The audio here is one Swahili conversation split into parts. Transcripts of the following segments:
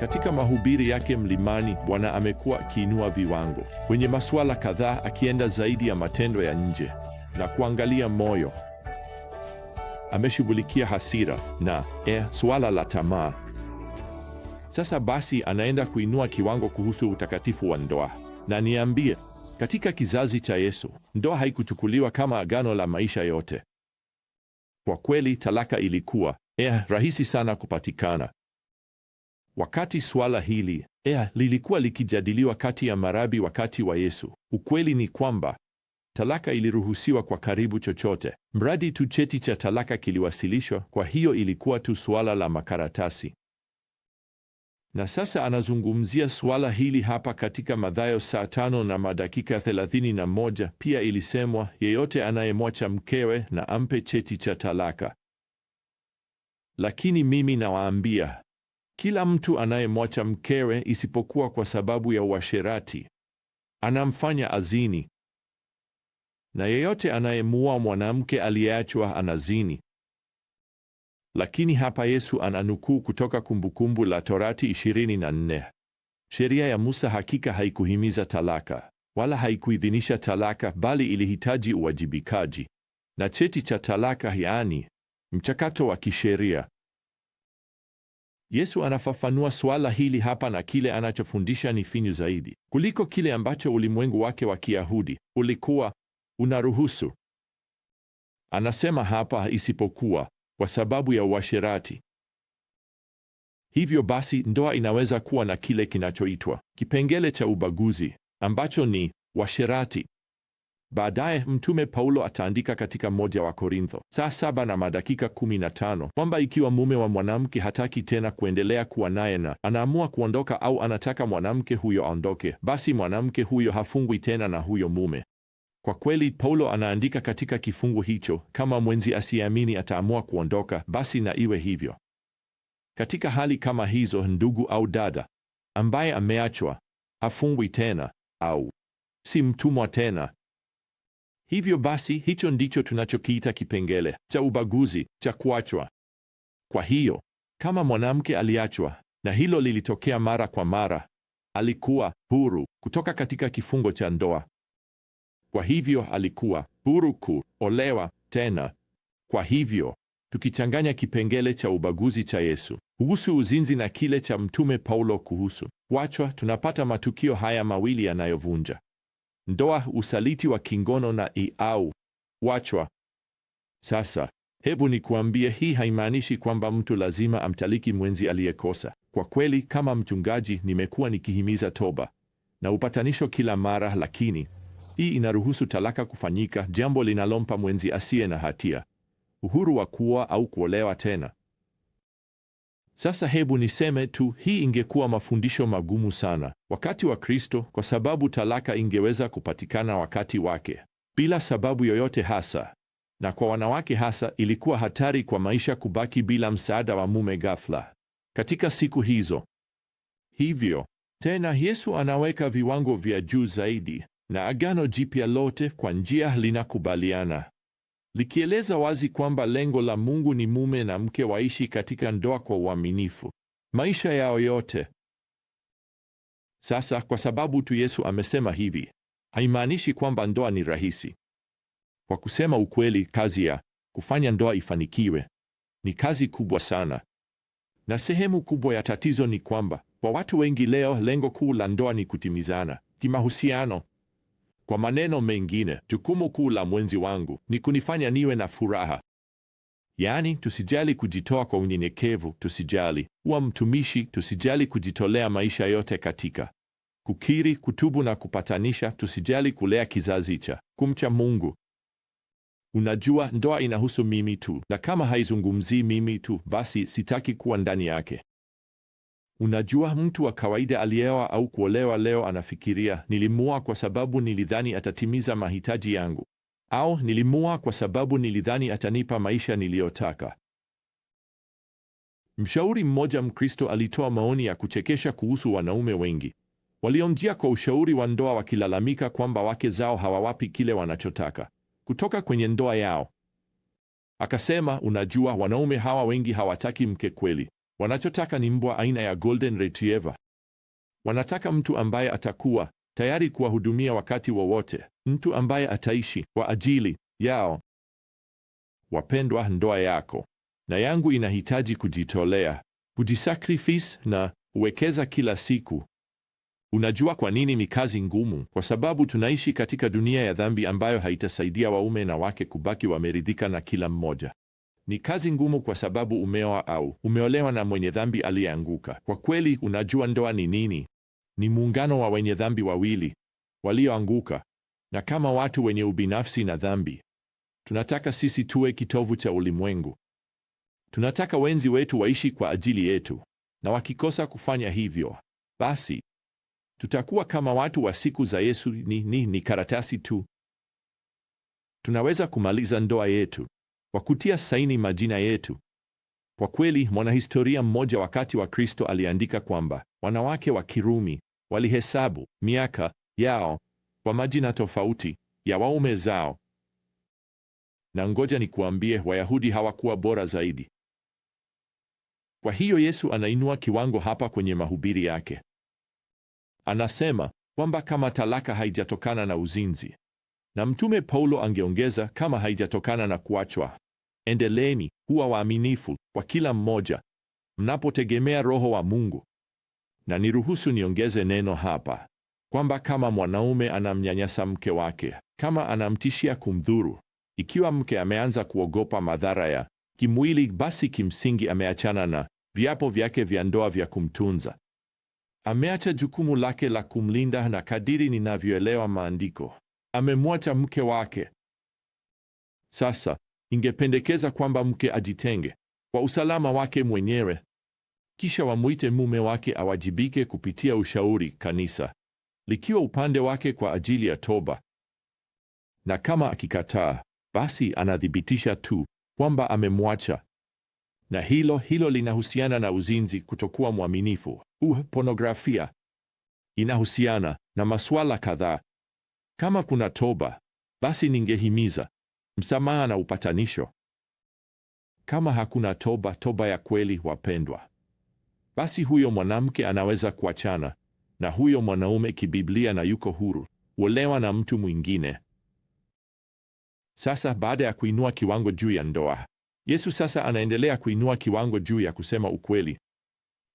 Katika mahubiri yake mlimani, Bwana amekuwa akiinua viwango kwenye masuala kadhaa, akienda zaidi ya matendo ya nje na kuangalia moyo. Ameshughulikia hasira na e, suala la tamaa. Sasa basi, anaenda kuinua kiwango kuhusu utakatifu wa ndoa. Na niambie, katika kizazi cha Yesu ndoa haikuchukuliwa kama agano la maisha yote. Kwa kweli, talaka ilikuwa eh, rahisi sana kupatikana Wakati suala hili ea, lilikuwa likijadiliwa kati ya marabi wakati wa Yesu, ukweli ni kwamba talaka iliruhusiwa kwa karibu chochote mradi tu cheti cha talaka kiliwasilishwa. Kwa hiyo ilikuwa tu suala la makaratasi. Na sasa anazungumzia suala hili hapa katika Mathayo saa tano na madakika 31. Pia ilisemwa yeyote anayemwacha mkewe na ampe cheti cha talaka. Lakini mimi nawaambia kila mtu anayemwacha mkewe isipokuwa kwa sababu ya uasherati anamfanya azini, na yeyote anayemuua mwanamke aliyeachwa anazini. Lakini hapa Yesu ananukuu kutoka Kumbukumbu la Torati 24. Sheria ya Musa hakika haikuhimiza talaka wala haikuidhinisha talaka, bali ilihitaji uwajibikaji na cheti cha talaka, yaani mchakato wa kisheria. Yesu anafafanua suala hili hapa, na kile anachofundisha ni finyu zaidi kuliko kile ambacho ulimwengu wake wa Kiyahudi ulikuwa unaruhusu. Anasema hapa, isipokuwa kwa sababu ya uasherati. Hivyo basi, ndoa inaweza kuwa na kile kinachoitwa kipengele cha ubaguzi ambacho ni washerati Baadaye mtume Paulo ataandika katika moja wa Korintho saa saba na madakika 15 kwamba ikiwa mume wa mwanamke hataki tena kuendelea kuwa naye na anaamua kuondoka au anataka mwanamke huyo aondoke, basi mwanamke huyo hafungwi tena na huyo mume. Kwa kweli Paulo anaandika katika kifungu hicho, kama mwenzi asiyeamini ataamua kuondoka, basi na iwe hivyo. Katika hali kama hizo, ndugu au dada ambaye ameachwa hafungwi tena au si mtumwa tena Hivyo basi, hicho ndicho tunachokiita kipengele cha ubaguzi cha kuachwa. Kwa hiyo kama mwanamke aliachwa, na hilo lilitokea mara kwa mara, alikuwa huru kutoka katika kifungo cha ndoa. Kwa hivyo alikuwa huru kuolewa tena. Kwa hivyo tukichanganya kipengele cha ubaguzi cha Yesu kuhusu uzinzi na kile cha Mtume Paulo kuhusu kuachwa, tunapata matukio haya mawili yanayovunja ndoa, usaliti wa kingono na i au wachwa. Sasa hebu nikuambie, hii haimaanishi kwamba mtu lazima amtaliki mwenzi aliyekosa. Kwa kweli, kama mchungaji nimekuwa nikihimiza toba na upatanisho kila mara, lakini hii inaruhusu talaka kufanyika, jambo linalompa mwenzi asiye na hatia uhuru wa kuoa au kuolewa tena. Sasa hebu niseme tu, hii ingekuwa mafundisho magumu sana wakati wa Kristo, kwa sababu talaka ingeweza kupatikana wakati wake bila sababu yoyote hasa, na kwa wanawake hasa ilikuwa hatari kwa maisha kubaki bila msaada wa mume ghafla katika siku hizo. Hivyo tena Yesu anaweka viwango vya juu zaidi na Agano Jipya lote kwa njia linakubaliana likieleza wazi kwamba lengo la Mungu ni mume na mke waishi katika ndoa kwa uaminifu maisha yao yote. Sasa, kwa sababu tu Yesu amesema hivi, haimaanishi kwamba ndoa ni rahisi. Kwa kusema ukweli, kazi ya kufanya ndoa ifanikiwe ni kazi kubwa sana, na sehemu kubwa ya tatizo ni kwamba kwa watu wengi leo lengo kuu la ndoa ni kutimizana kimahusiano. Kwa maneno mengine, jukumu kuu la mwenzi wangu ni kunifanya niwe na furaha. Yaani, tusijali kujitoa kwa unyenyekevu, tusijali wa mtumishi, tusijali kujitolea maisha yote katika kukiri, kutubu na kupatanisha, tusijali kulea kizazi cha kumcha Mungu. Unajua, ndoa inahusu mimi tu, na kama haizungumzii mimi tu, basi sitaki kuwa ndani yake. Unajua, mtu wa kawaida aliyeoa au kuolewa leo anafikiria, nilimua kwa sababu nilidhani atatimiza mahitaji yangu, au nilimua kwa sababu nilidhani atanipa maisha niliyotaka. Mshauri mmoja Mkristo alitoa maoni ya kuchekesha kuhusu wanaume wengi waliomjia kwa ushauri wa ndoa, wakilalamika kwamba wake zao hawawapi kile wanachotaka kutoka kwenye ndoa yao. Akasema, unajua, wanaume hawa wengi hawataki mke kweli, Wanachotaka ni mbwa aina ya golden retriever. Wanataka mtu ambaye atakuwa tayari kuwahudumia wakati wowote, wa mtu ambaye ataishi kwa ajili yao. Wapendwa, ndoa yako na yangu inahitaji kujitolea, kujisacrifice na uwekeza kila siku. Unajua kwa nini ni kazi ngumu? Kwa sababu tunaishi katika dunia ya dhambi ambayo haitasaidia waume na wake kubaki wameridhika na kila mmoja ni kazi ngumu kwa sababu umeoa au umeolewa na mwenye dhambi aliyeanguka. Kwa kweli, unajua ndoa ni nini? Ni muungano wa wenye dhambi wawili walioanguka. Na kama watu wenye ubinafsi na dhambi, tunataka sisi tuwe kitovu cha ulimwengu. Tunataka wenzi wetu waishi kwa ajili yetu, na wakikosa kufanya hivyo, basi tutakuwa kama watu wa siku za Yesu. Ni, ni, ni karatasi tu. Tunaweza kumaliza ndoa yetu kwa kutia saini majina yetu. Kwa kweli, mwanahistoria mmoja wakati wa Kristo aliandika kwamba wanawake wa Kirumi walihesabu miaka yao kwa majina tofauti ya waume zao. Na ngoja nikuambie, Wayahudi hawakuwa bora zaidi. Kwa hiyo Yesu anainua kiwango hapa kwenye mahubiri yake. Anasema kwamba kama talaka haijatokana na uzinzi, na Mtume Paulo angeongeza kama haijatokana na kuachwa Endeleeni kuwa waaminifu kwa kila mmoja mnapotegemea Roho wa Mungu. Na niruhusu niongeze neno hapa kwamba kama mwanaume anamnyanyasa mke wake, kama anamtishia kumdhuru, ikiwa mke ameanza kuogopa madhara ya kimwili, basi kimsingi ameachana na viapo vyake vya ndoa vya kumtunza. Ameacha jukumu lake la kumlinda, na kadiri ninavyoelewa maandiko, amemwacha mke wake. Sasa ingependekeza kwamba mke ajitenge kwa usalama wake mwenyewe, kisha wamwite mume wake awajibike kupitia ushauri, kanisa likiwa upande wake kwa ajili ya toba. Na kama akikataa, basi anathibitisha tu kwamba amemwacha. Na hilo hilo linahusiana na uzinzi, kutokuwa mwaminifu, uh, pornografia. Inahusiana na masuala kadhaa. Kama kuna toba, basi ningehimiza msamaha na upatanisho. Kama hakuna toba, toba ya kweli, wapendwa, basi huyo mwanamke anaweza kuachana na huyo mwanaume kibiblia na yuko huru uolewa na mtu mwingine. Sasa baada ya kuinua kiwango juu ya ndoa, Yesu sasa anaendelea kuinua kiwango juu ya kusema ukweli.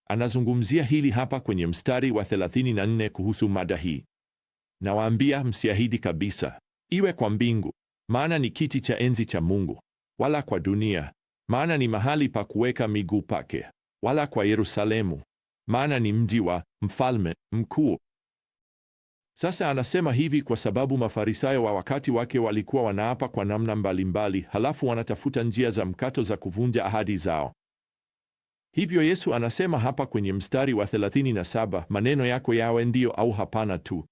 Anazungumzia hili hapa kwenye mstari wa 34 kuhusu mada hii. Nawaambia, msiahidi kabisa, iwe kwa mbingu maana ni kiti cha enzi cha Mungu, wala kwa dunia, maana ni mahali pa kuweka miguu pake, wala kwa Yerusalemu, maana ni mji wa mfalme mkuu. Sasa anasema hivi kwa sababu Mafarisayo wa wakati wake walikuwa wanaapa kwa namna mbalimbali, halafu wanatafuta njia za mkato za kuvunja ahadi zao. Hivyo Yesu anasema hapa kwenye mstari wa 37, maneno yako yawe ndiyo au hapana tu,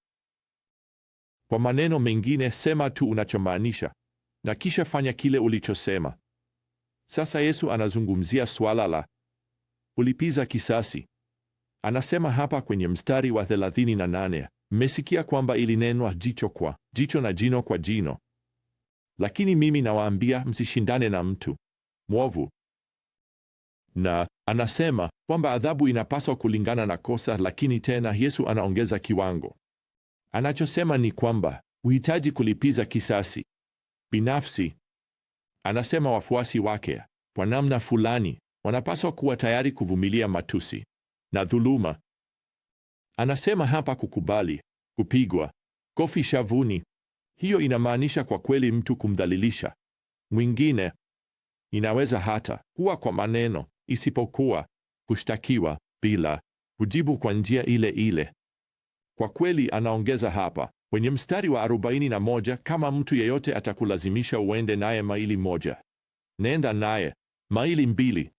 kwa maneno mengine, sema tu unachomaanisha na kisha fanya kile ulichosema. Sasa Yesu anazungumzia suala la kulipiza kisasi. Anasema hapa kwenye mstari wa 38, mmesikia kwamba ilinenwa jicho kwa jicho na jino kwa jino, lakini mimi nawaambia msishindane na mtu mwovu. Na anasema kwamba adhabu inapaswa kulingana na kosa, lakini tena Yesu anaongeza kiwango Anachosema ni kwamba huhitaji kulipiza kisasi binafsi. Anasema wafuasi wake kwa namna fulani wanapaswa kuwa tayari kuvumilia matusi na dhuluma. Anasema hapa kukubali kupigwa kofi shavuni. Hiyo inamaanisha kwa kweli mtu kumdhalilisha mwingine, inaweza hata kuwa kwa maneno, isipokuwa kushtakiwa bila kujibu kwa njia ile ile. Kwa kweli anaongeza hapa kwenye mstari wa 41, kama mtu yeyote atakulazimisha uende naye maili moja, nenda naye maili mbili.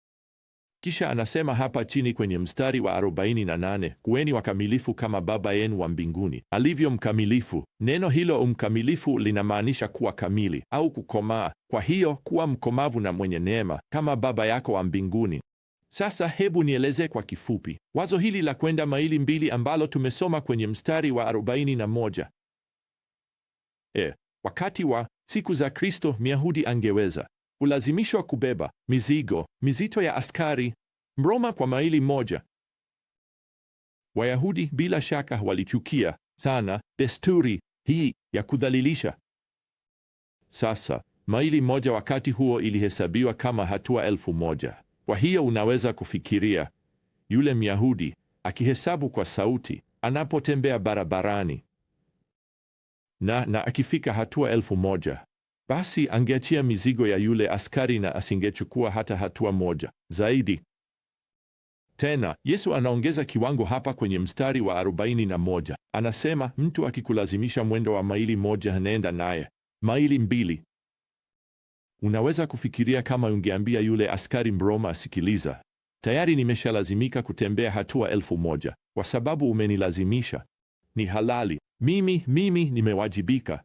Kisha anasema hapa chini kwenye mstari wa 48, kuweni wakamilifu kama Baba yenu wa mbinguni alivyo mkamilifu. Neno hilo umkamilifu linamaanisha kuwa kamili au kukomaa, kwa hiyo kuwa mkomavu na mwenye neema kama Baba yako wa mbinguni sasa hebu nieleze kwa kifupi wazo hili la kwenda maili mbili ambalo tumesoma kwenye mstari wa 41. E, wakati wa siku za Kristo Myahudi angeweza kulazimishwa kubeba mizigo mizito ya askari Mroma kwa maili moja. Wayahudi bila shaka walichukia sana desturi hii ya kudhalilisha. Sasa maili moja wakati huo ilihesabiwa kama hatua elfu moja. Kwa hiyo unaweza kufikiria yule Myahudi akihesabu kwa sauti anapotembea barabarani na na akifika hatua elfu moja basi angeachia mizigo ya yule askari na asingechukua hata hatua moja zaidi. Tena Yesu anaongeza kiwango hapa kwenye mstari wa 41. Anasema mtu akikulazimisha mwendo wa maili moja, nenda naye maili mbili. Unaweza kufikiria kama ungeambia yule askari Mroma, asikiliza, tayari nimeshalazimika kutembea hatua elfu moja kwa sababu umenilazimisha, ni halali mimi, mimi nimewajibika,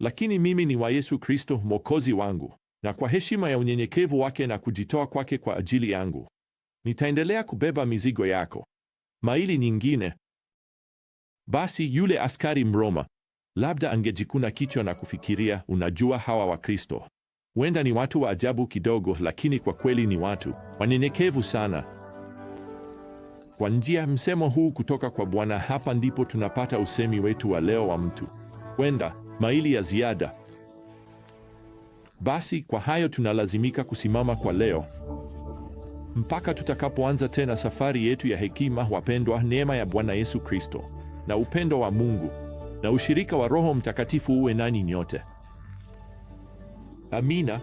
lakini mimi ni wa Yesu Kristo mwokozi wangu, na kwa heshima ya unyenyekevu wake na kujitoa kwake kwa ajili yangu nitaendelea kubeba mizigo yako maili nyingine. Basi yule askari Mroma labda angejikuna kichwa na kufikiria, unajua, hawa Wakristo Huenda ni watu wa ajabu kidogo, lakini kwa kweli ni watu wanyenyekevu sana. Kwa njia msemo huu kutoka kwa Bwana, hapa ndipo tunapata usemi wetu wa leo wa mtu kwenda maili ya ziada. Basi kwa hayo tunalazimika kusimama kwa leo mpaka tutakapoanza tena safari yetu ya hekima. Wapendwa, neema ya Bwana Yesu Kristo na upendo wa Mungu na ushirika wa Roho Mtakatifu uwe nani nyote. Amina